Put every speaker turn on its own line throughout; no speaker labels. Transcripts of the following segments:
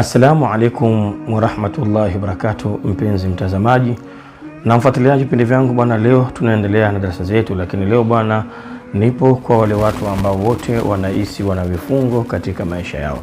Assalamu alaikum warahmatullahi wabarakatuh, mpenzi mtazamaji na mfuatiliaji vipindi vyangu bwana. Leo tunaendelea na darasa zetu, lakini leo bwana, nipo kwa wale watu ambao wote wanaishi wana vifungo katika maisha yao.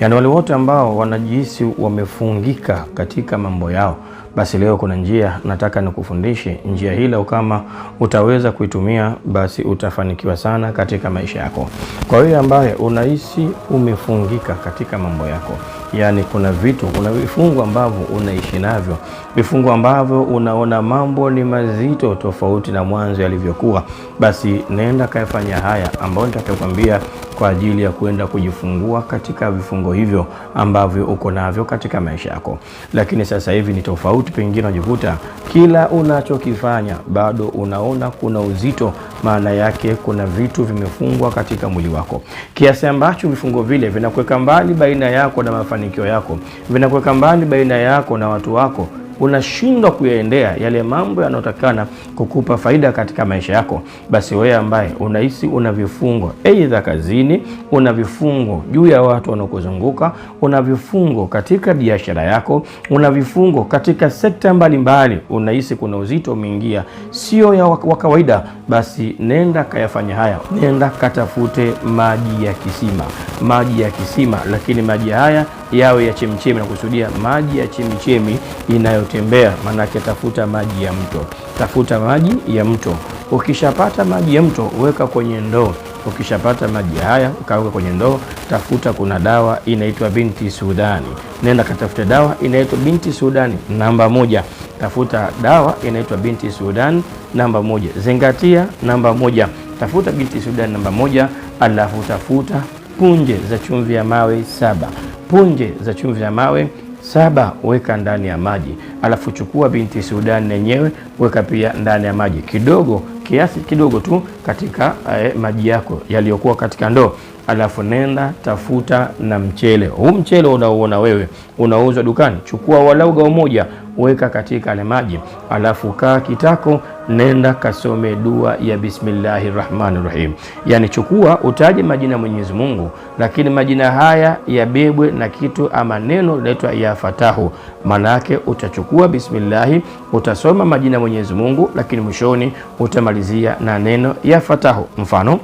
Yaani wale wote ambao wanajihisi wamefungika katika mambo yao, basi leo kuna njia nataka nikufundishe njia hilo. kama utaweza kuitumia, basi utafanikiwa sana katika maisha yako. Kwa hiyo ambaye unahisi umefungika katika mambo yako, yaani kuna vitu, kuna vifungo ambavyo unaishi navyo, vifungo ambavyo unaona mambo ni mazito tofauti na mwanzo yalivyokuwa, basi nenda kayafanya haya ambayo nitakayokuambia kwa ajili ya kuenda kujifungua katika vifungo hivyo ambavyo uko navyo katika maisha yako. Lakini sasa hivi ni tofauti, pengine unajikuta kila unachokifanya bado unaona kuna uzito, maana yake kuna vitu vimefungwa katika mwili wako, kiasi ambacho vifungo vile vinakuweka mbali baina yako na mafanikio yako, vinakuweka mbali baina yako na watu wako unashindwa kuyaendea yale mambo yanayotakana kukupa faida katika maisha yako, basi wewe ambaye unahisi una vifungo, aidha kazini, una vifungo juu ya watu wanaokuzunguka, una vifungo katika biashara yako, una vifungo katika sekta mbalimbali, unahisi kuna uzito umeingia sio ya wa kawaida, basi nenda kayafanya haya, nenda katafute maji ya kisima, maji ya kisima, lakini maji haya yawe ya chemichemi, na kusudia maji ya chemichemi inayo unapotembea, maanake tafuta maji ya mto, tafuta maji ya mto. Ukishapata maji ya mto, weka kwenye ndoo. Ukishapata maji haya kaweka kwenye ndoo, tafuta. Kuna dawa inaitwa Binti Sudani, nenda katafute dawa inaitwa Binti Sudani namba moja. Tafuta dawa inaitwa Binti Sudani namba moja. Zingatia namba moja, tafuta Binti Sudani namba moja, alafu tafuta punje za chumvi ya mawe saba, punje za chumvi ya mawe Saba, weka ndani ya maji, alafu chukua binti Sudani yenyewe weka pia ndani ya maji kidogo, kiasi kidogo tu katika eh, maji yako yaliyokuwa katika ndoo, alafu nenda tafuta na mchele huu. Mchele unaoona wewe unauzwa dukani, chukua walau gao moja, weka katika ale maji, alafu kaa kitako, nenda kasome dua ya bismillahi rahmani rahim. Yani chukua utaje majina ya Mwenyezi Mungu, lakini majina haya yabebwe na kitu ama neno linaitwa ya fatahu. Manake utachukua bismillahi, utasoma majina ya Mwenyezi Mungu, lakini mwishoni utamalizia na neno ya fatahu, mfano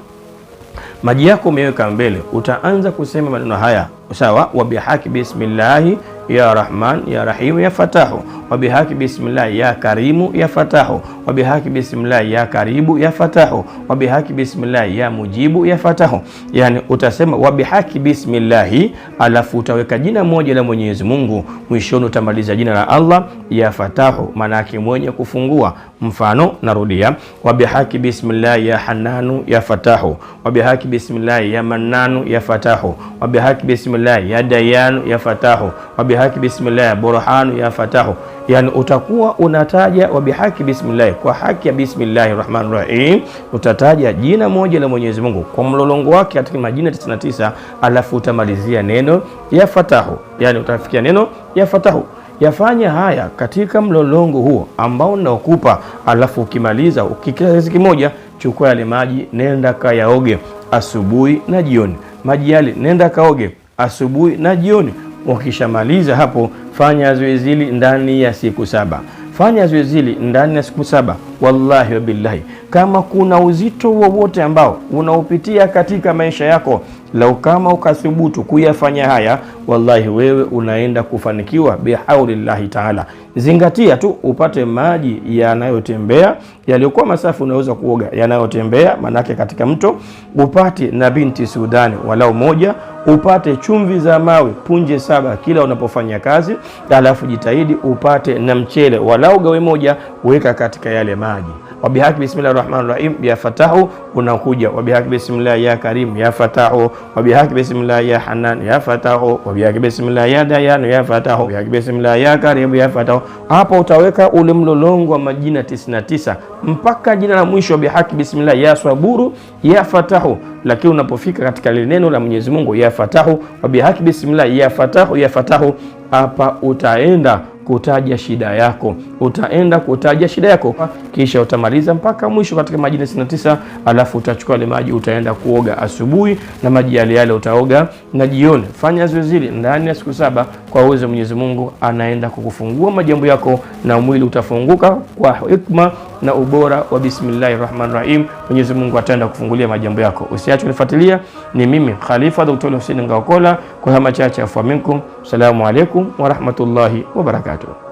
maji yako umeweka mbele, utaanza kusema maneno haya sawa, wa bihaki bismillahi ya rahman ya rahim ya fatahu wabihaki bismillah ya karimu ya fatahu bihaki bismillah ya karibu ya fatahu bihaki bismillah ya mujibu ya fatahu. Yani utasema wabihaki bismillah, alafu utaweka jina moja la Mwenyezi Mungu, mwishoni utamaliza jina la Allah ya fatahu, maana yake mwenye kufungua. Mfano, narudia wabihaki bismillah ya hananu ya fatahu wabihaki bismillah ya mananu ya fatahu wabihaki bismillah ya dayanu ya fatahu bihaki bismillah ya burhanu ya fatahu yani utakuwa unataja wa bihaki bismillahi, kwa haki ya bismillahi rahmani rahim, utataja jina moja la Mwenyezi Mungu kwa mlolongo wake katika majina 99, alafu utamalizia neno ya fatahu, yani utafikia neno ya fatahu. Yafanya haya katika mlolongo huo ambao naokupa, alafu ukimaliza ukikiasi kimoja, chukua yale maji, nenda kayaoge asubuhi na jioni. Maji yale nenda kaoge asubuhi na jioni Wakishamaliza hapo, fanya zoezi hili ndani ya siku saba. Fanya zoezi hili ndani ya siku saba, wallahi wa billahi Kama kuna uzito wowote ambao unaopitia katika maisha yako, lau kama ukathubutu kuyafanya haya, wallahi wewe unaenda kufanikiwa bihaulillahi taala. Zingatia tu upate maji yanayotembea yaliyokuwa masafi, unaweza kuoga yanayotembea, manake katika mto upate na binti Sudani walau moja upate chumvi za mawe punje saba kila unapofanya kazi, alafu jitahidi upate na mchele walau gawe moja, weka katika yale maji. Wabihaki bismillahi rahmani rahim ya fatahu unakuja. Wabihaki bismillahi ya karimu ya fatahu. Wabihaki bismillahi ya hanan ya fatahu. Wabihaki bismillahi ya dayanu ya fatahu. Wabihaki bismillahi ya karimu ya fatahu. Hapa utaweka ule mlolongo wa majina 99 mpaka jina la mwisho, wabihaki bismillahi ya saburu ya fatahu lakini unapofika katika lile neno la Mwenyezi Mungu ya Fatahu wabihaki bismillah ya Fatahu ya Fatahu, hapa utaenda kutaja shida yako, utaenda kutaja shida yako, kisha utamaliza mpaka mwisho katika maji tisa. Alafu utachukua ile maji, utaenda kuoga asubuhi na maji yale yale utaoga na jioni. Fanya zoezi hili ndani ya siku saba, kwa uwezo Mwenyezi Mungu anaenda kukufungua majambo yako na mwili utafunguka kwa hikma na ubora wa bismillahi rahmani rahim. Mwenyezi Mungu ataenda kufungulia majambo yako. Usiache unifuatilia, ni mimi Khalifa Daktari Hussein Ngaokola kwa haya machache afu minkum. Salamu alaikum wa rahmatullahi wa